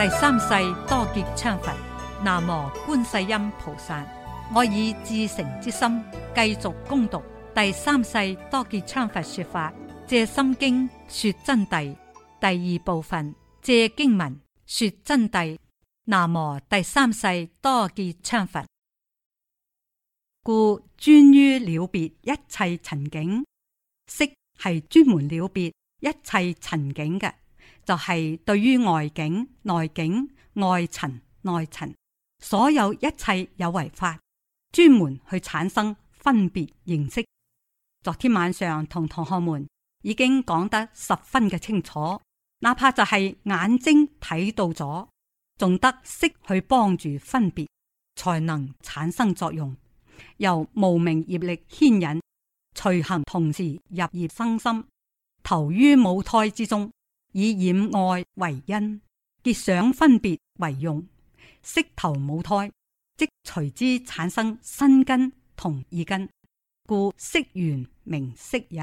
第三世多杰羌佛，南無觀世音菩薩，我以至誠之心繼續攻讀第三世多杰羌佛說法，藉心經說真諦第二部分，藉經文說真諦，南無第三世多杰羌佛，故專於了別一切塵境，識係專門了別一切塵境嘅。就係對於外境、內境、外塵、內塵，所有一切有為法，專門去產生分別認識。昨天晚上同同學們已經講得十分嘅清楚，哪怕就係眼睛睇到咗，仲得識去幫助分別，才能產生作用。由無明業力牽引，隨行同時入業生心，投於母胎之中。以染愛為因，結想分別為用，識投母胎，即隨之產生身根同意根，故識緣名色也，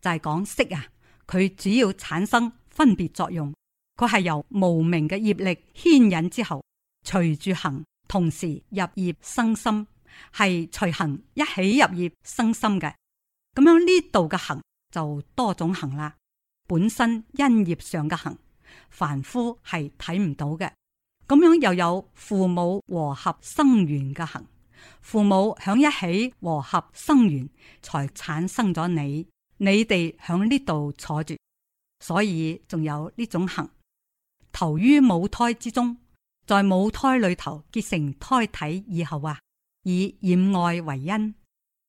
就係、是、講識啊。佢主要產生分別作用，佢係由無明嘅業力牽引之後，隨住行同時入業生心，係隨行一起入業生心嘅。咁樣呢度嘅行就多種行啦。本身因業上嘅行，凡夫係睇唔到嘅。咁樣又有父母和合生源嘅行，父母響一起和合生源，才產生咗你。你哋響呢度坐住，所以仲有呢種行。投於母胎之中，在母胎裏頭結成胎體以後啊，以染愛為因。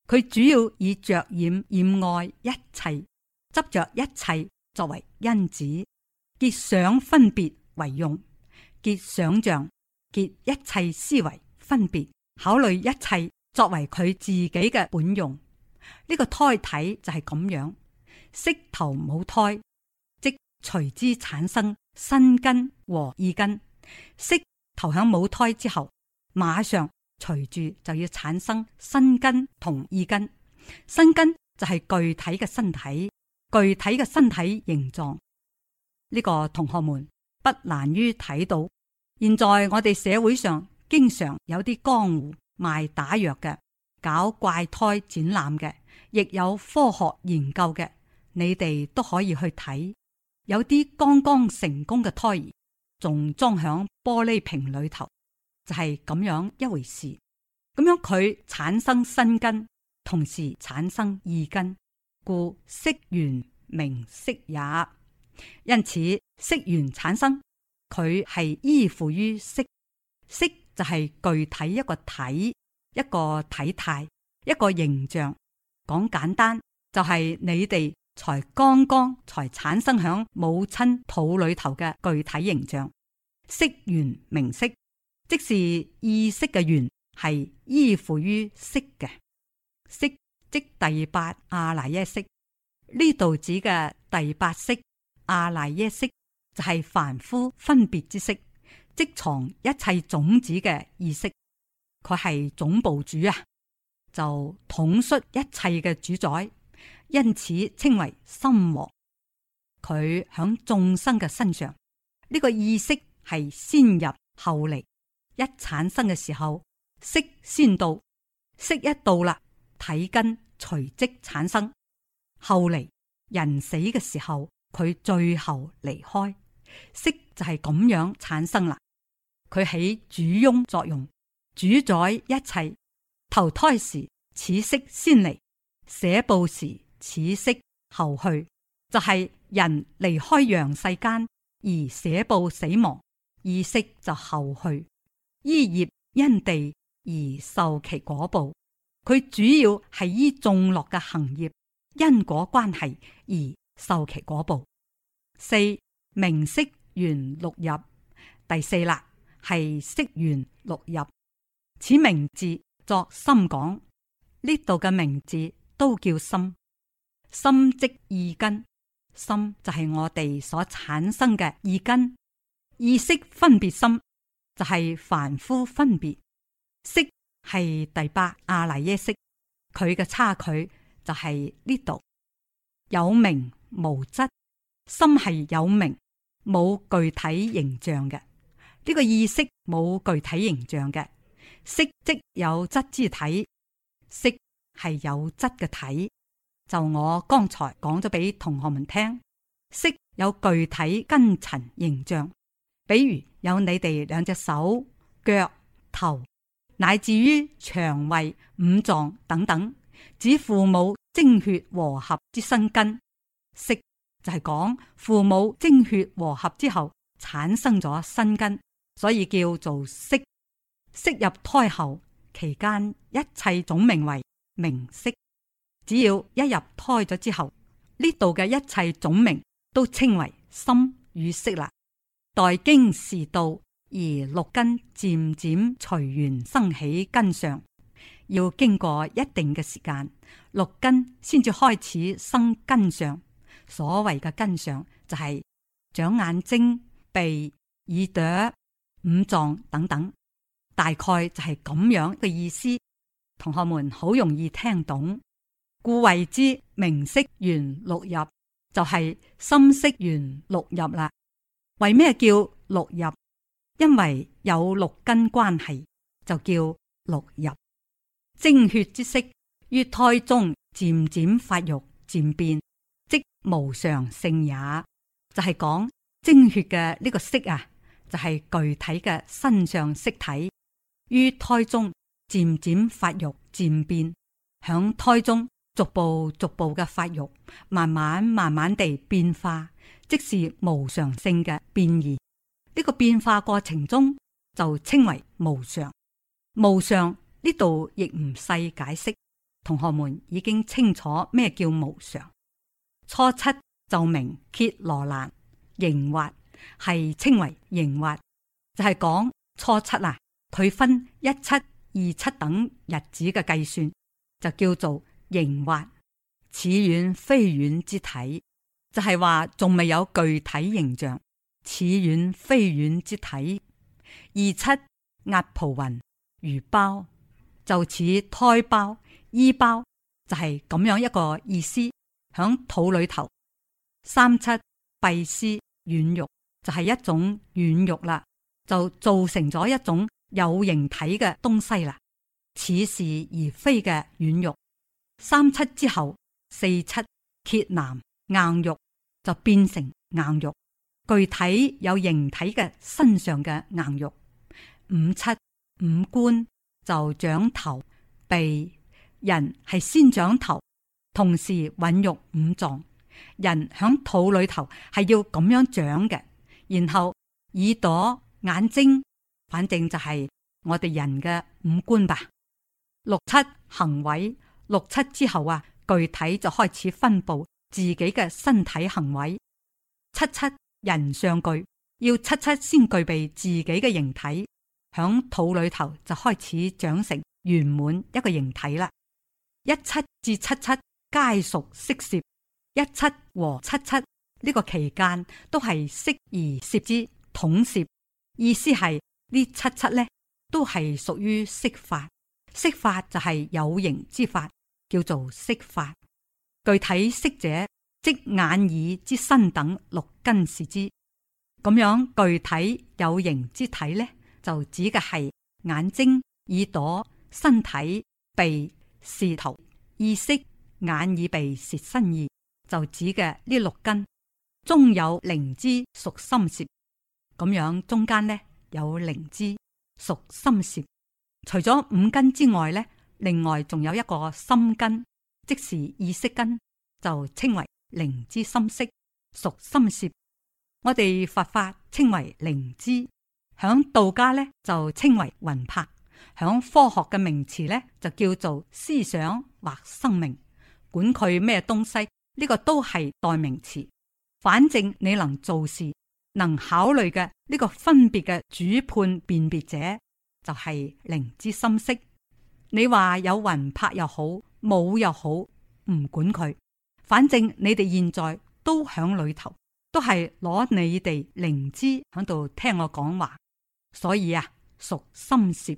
佢主要以着染染愛一切，執着一切。作為因子，結想分別為用。結想象，結一切思維分別，考慮一切，作為佢自己嘅本用。呢、這個胎體就係咁樣，識投母胎即隨之產生身根和意根。識投向母胎之後，馬上隨住就要產生身根同意根。身根就係具體嘅身體。具體嘅身體形狀，呢個同學們不難於睇到。現在我哋社會上經常有啲江湖賣打藥嘅，搞怪胎展覽嘅，亦有科學研究嘅，你哋都可以去睇。有啲剛剛成功嘅胎兒，仲裝響玻璃瓶裏頭，就係咁樣一回事。咁樣佢產生新根，同時產生異根。故色緣名色也，因此色緣產生，佢係依附於色。色就係具體一個體，一個體態，一個形象。講簡單，就係、是、你哋才剛剛才產生響母親肚裏頭嘅具體形象。色緣名色，即是意識嘅緣，係依附於色嘅色。即第八阿賴耶識，呢度指嘅第八識阿賴耶識就係、是、凡夫分別之識，即藏一切種子嘅意識。佢係總部主啊，就統率一切嘅主宰，因此稱為心王。佢響眾生嘅身上，呢、這個意識係先入後嚟，一產生嘅時候，識先到，識一到啦。體根隨即產生，後嚟，人死嘅時候，佢最後離開，色就係咁樣產生啦。佢起主翁作用，主宰一切。投胎時此，此色先嚟；捨報時，此色後去。就係、是、人離開陽世間而捨報死亡，意識就後去。依業因地而受其果報。佢主要係依眾樂嘅行業因果關係而受其果報。四名色緣六入，第四啦，係色緣六入。此名字作心講，呢度嘅名字都叫心。心即意根，心就係我哋所產生嘅意根，意識分別心就係、是、凡夫分別識。係第八阿賴耶識，佢嘅差距就係呢度有名無質，心係有名，冇具體形象嘅。呢、這個意識冇具體形象嘅，色即有質之體，色係有質嘅體。就我剛才講咗俾同學們聽，色有具體根塵形象，比如有你哋兩隻手、腳、頭。乃至於腸胃、五臟等等，指父母精血和合之身根。色就係、是、講父母精血和合之後產生咗身根，所以叫做色。色入胎後期間一切總名為名色，只要一入胎咗之後，呢度嘅一切總名都稱為心與色啦。待經時到。而六根漸漸隨緣生起根上，要經過一定嘅時間，六根先至開始生根上。所謂嘅根上就係長眼睛、鼻、耳朵、五臟等等，大概就係咁樣嘅意思。同學們好容易聽懂，故謂之名色緣六入，就係心識緣六入啦。為咩叫六入？因為有六根關係，就叫六入。精血之色於胎中漸漸發育漸變，即無常性也。就係講精血嘅呢個色啊，就係具體嘅身上色體於胎中漸漸發育漸變，響胎中逐步逐步嘅發育，慢慢慢慢地變化，即是無常性嘅變異。呢個變化過程中就稱為無常，無常呢度亦唔細解釋，同學們已經清楚咩叫無常。初七就名揭羅蘭凝滑，係稱為凝滑，就係、是、講初七啊，佢分一七、二七等日子嘅計算，就叫做凝滑。此遠非遠之體，就係話仲未有具體形象。似軟非軟之體，二七壓蒲雲如包，就似胎包衣包，就係、是、咁樣一個意思，響肚裏頭。三七閉絲軟肉，就係、是、一種軟肉啦，就造成咗一種有形體嘅東西啦，似是而非嘅軟肉。三七之後四七揭南硬肉，就變成硬肉。具體有形體嘅身上嘅硬肉，五七五官就長頭鼻，人係先長頭，同時孕育五臟。人喺肚裏頭係要咁樣長嘅，然後耳朵、眼睛，反正就係我哋人嘅五官吧。六七行為，六七之後啊，具體就開始分布自己嘅身體行為。七七。人上具要七七先具備自己嘅形體，響肚裏頭就開始長成圓滿一個形體啦。一七至七七皆屬色攝，一七和七七呢、這個期間都係色而攝之統攝，意思係呢七七咧都係屬於色法，色法就係有形之法，叫做色法。具體色者。即眼耳之身等六根是之。咁樣具體有形之體呢，就指嘅係眼睛、耳朵、身體、鼻、舌頭、意識、眼耳鼻舌身意，就指嘅呢六根中有靈知屬心舌，咁樣中間呢，有靈知屬心舌，除咗五根之外呢，另外仲有一個心根，即是意識根，就稱為。靈知心識屬心識，我哋佛法，法稱為靈知，響道家咧就稱為魂魄，響科學嘅名詞咧就叫做思想或生命，管佢咩東西，呢個都係代名詞。反正你能做事，能考慮嘅呢個分別嘅主判辨別者，就係靈知心識。你話有魂魄又好，冇又好，唔管佢。反正你哋現在都響裏頭，都係攞你哋靈知響度聽我講話，所以啊屬心涉。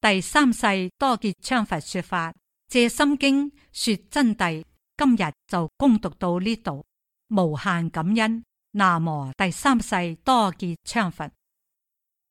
第三世多杰羌佛說法，藉心經說真諦。今日就恭讀到呢度，無限感恩。南無第三世多杰羌佛。